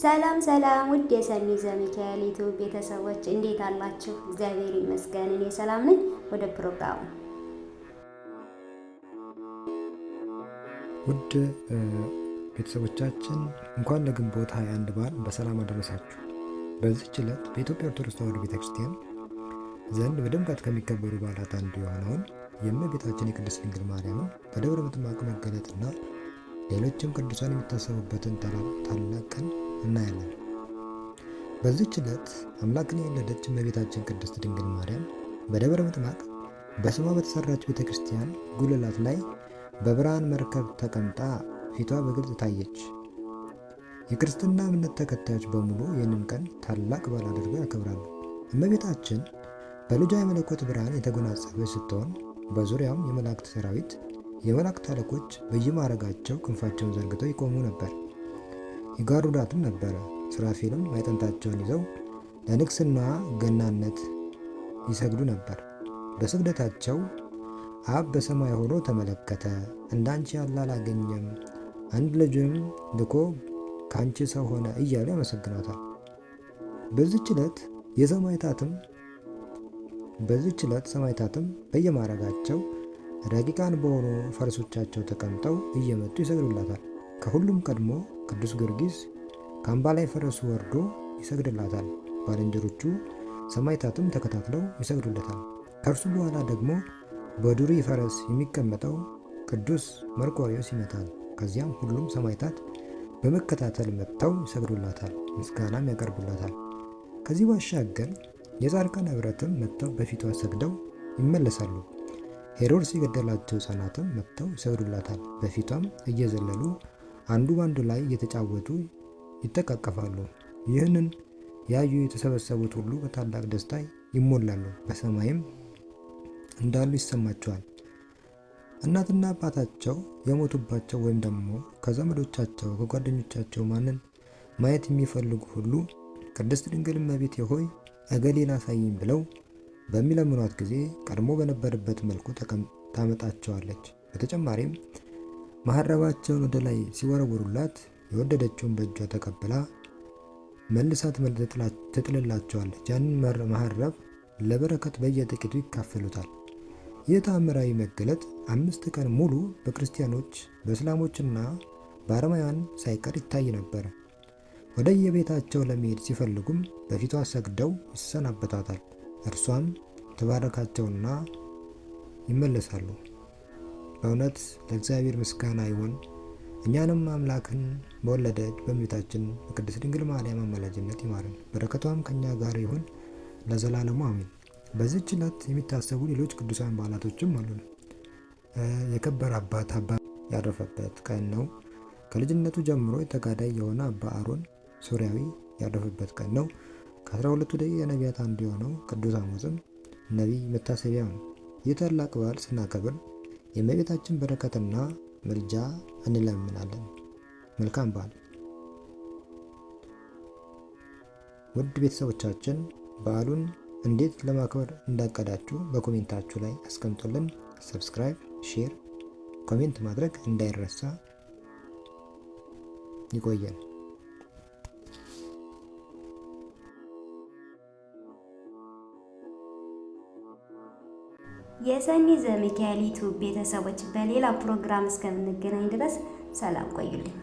ሰላም ሰላም፣ ውድ የሰኒ ዘሚካኤል ዩቲዩብ ቤተሰቦች እንዴት አላችሁ? እግዚአብሔር ይመስገን እኔ ሰላም ነኝ። ወደ ፕሮግራሙ ውድ ቤተሰቦቻችን እንኳን ለግንቦት 21 በዓል በሰላም አደረሳችሁ። በዚህች ዕለት በኢትዮጵያ ኦርቶዶክስ ተዋሕዶ ቤተክርስቲያን ዘንድ በድምቀት ከሚከበሩ በዓላት አንዱ የሆነውን የእመቤታችን የቅድስት ድንግል ማርያምን በደብረ ምጥማቅ መገለጥና ሌሎችም ቅዱሳን የሚታሰቡበትን ታላቅ ቀን በዚች ዕለት አምላክን የወለደች እመቤታችን ቅድስት ድንግል ማርያም በደብረ ምጥማቅ በስሟ በተሰራች ቤተ ክርስቲያን ጉልላት ላይ በብርሃን መርከብ ተቀምጣ ፊቷ በግልጽ ታየች። የክርስትና እምነት ተከታዮች በሙሉ ይህንን ቀን ታላቅ በዓል አድርገው ያከብራሉ። እመቤታችን በልጇ የመለኮት ብርሃን የተጎናጸፈች ስትሆን በዙሪያውም የመላእክት ሰራዊት የመላእክት አለቆች በየማዕረጋቸው ክንፋቸውን ዘርግተው ይቆሙ ነበር፣ ይጋርዳትም ነበረ። ሱራፌልም ማዕጠንታቸውን ይዘው ለንግስና ገናነት ይሰግዱ ነበር። በስግደታቸው አብ በሰማይ ሆኖ ተመለከተ፣ እንዳንቺ ያለ አላገኘም፣ አንድ ልጅም ልኮ ከአንቺ ሰው ሆነ እያሉ ያመሰግኖታል። በዚች ዕለት የሰማዕታትም በዚች ዕለት ሰማዕታትም ረቂቃን በሆኑ ፈረሶቻቸው ተቀምጠው እየመጡ ይሰግዱላታል። ከሁሉም ቀድሞ ቅዱስ ጊዮርጊስ ከአምባ ላይ ፈረሱ ወርዶ ይሰግድላታል። ባልንጀሮቹ ሰማይታትም ተከታትለው ይሰግዱለታል። ከእርሱ በኋላ ደግሞ በዱሪ ፈረስ የሚቀመጠው ቅዱስ መርቆሬዎስ ይመጣል። ከዚያም ሁሉም ሰማይታት በመከታተል መጥተው ይሰግዱላታል፣ ምስጋናም ያቀርቡላታል። ከዚህ ባሻገር የጻድቃን ኅብረትም መጥተው በፊቷ ሰግደው ይመለሳሉ። ሄሮድስ የገደላቸው ሕፃናትም መጥተው ይሰግዱላታል። በፊቷም እየዘለሉ አንዱ በአንዱ ላይ እየተጫወቱ ይጠቃቀፋሉ። ይህንን ያዩ የተሰበሰቡት ሁሉ በታላቅ ደስታ ይሞላሉ፣ በሰማይም እንዳሉ ይሰማቸዋል። እናትና አባታቸው የሞቱባቸው ወይም ደግሞ ከዘመዶቻቸው ከጓደኞቻቸው ማንን ማየት የሚፈልጉ ሁሉ ቅድስት ድንግል እመቤቴ ሆይ እገሌን አሳይኝ ብለው በሚለምኗት ጊዜ ቀድሞ በነበረበት መልኩ ታመጣቸዋለች። በተጨማሪም መሀረባቸውን ወደ ላይ ሲወረውሩላት የወደደችውን በእጇ ተቀብላ መልሳ ትጥልላቸዋለች። ያንን መሀረብ ለበረከት በየጥቂቱ ይካፈሉታል። ይህ ተአምራዊ መገለጥ አምስት ቀን ሙሉ በክርስቲያኖች በእስላሞችና በአረማውያን ሳይቀር ይታይ ነበር። ወደ የቤታቸው ለመሄድ ሲፈልጉም በፊቷ ሰግደው ይሰናበታታል። እርሷም ተባረካቸውና ይመለሳሉ። በእውነት ለእግዚአብሔር ምስጋና ይሆን። እኛንም አምላክን በወለደች በእመቤታችን በቅድስት ድንግል ማርያም አማላጅነት ይማረን፣ በረከቷም ከእኛ ጋር ይሁን ለዘላለሙ አሜን። በዚህች ዕለት የሚታሰቡ ሌሎች ቅዱሳን በዓላቶችም አሉ። የከበረ አባት አባ ያረፈበት ቀን ነው። ከልጅነቱ ጀምሮ የተጋዳይ የሆነ አባ አሮን ሱሪያዊ ያረፈበት ቀን ነው። ከ12ቱ ደቂቀ ነቢያት አንዱ የሆነው ቅዱስ አሞጽም ነቢይ መታሰቢያ ነው። ይህ ታላቅ በዓል ስናከብር የእመቤታችን በረከትና ምልጃ እንለምናለን። መልካም በዓል። ውድ ቤተሰቦቻችን በዓሉን እንዴት ለማክበር እንዳቀዳችሁ በኮሜንታችሁ ላይ አስቀምጡልን። ሰብስክራይብ፣ ሼር፣ ኮሜንት ማድረግ እንዳይረሳ። ይቆየን። የሰኒ ዘሚካኤል ቤተሰቦች በሌላ ፕሮግራም እስከምንገናኝ ድረስ ሰላም ቆዩልኝ።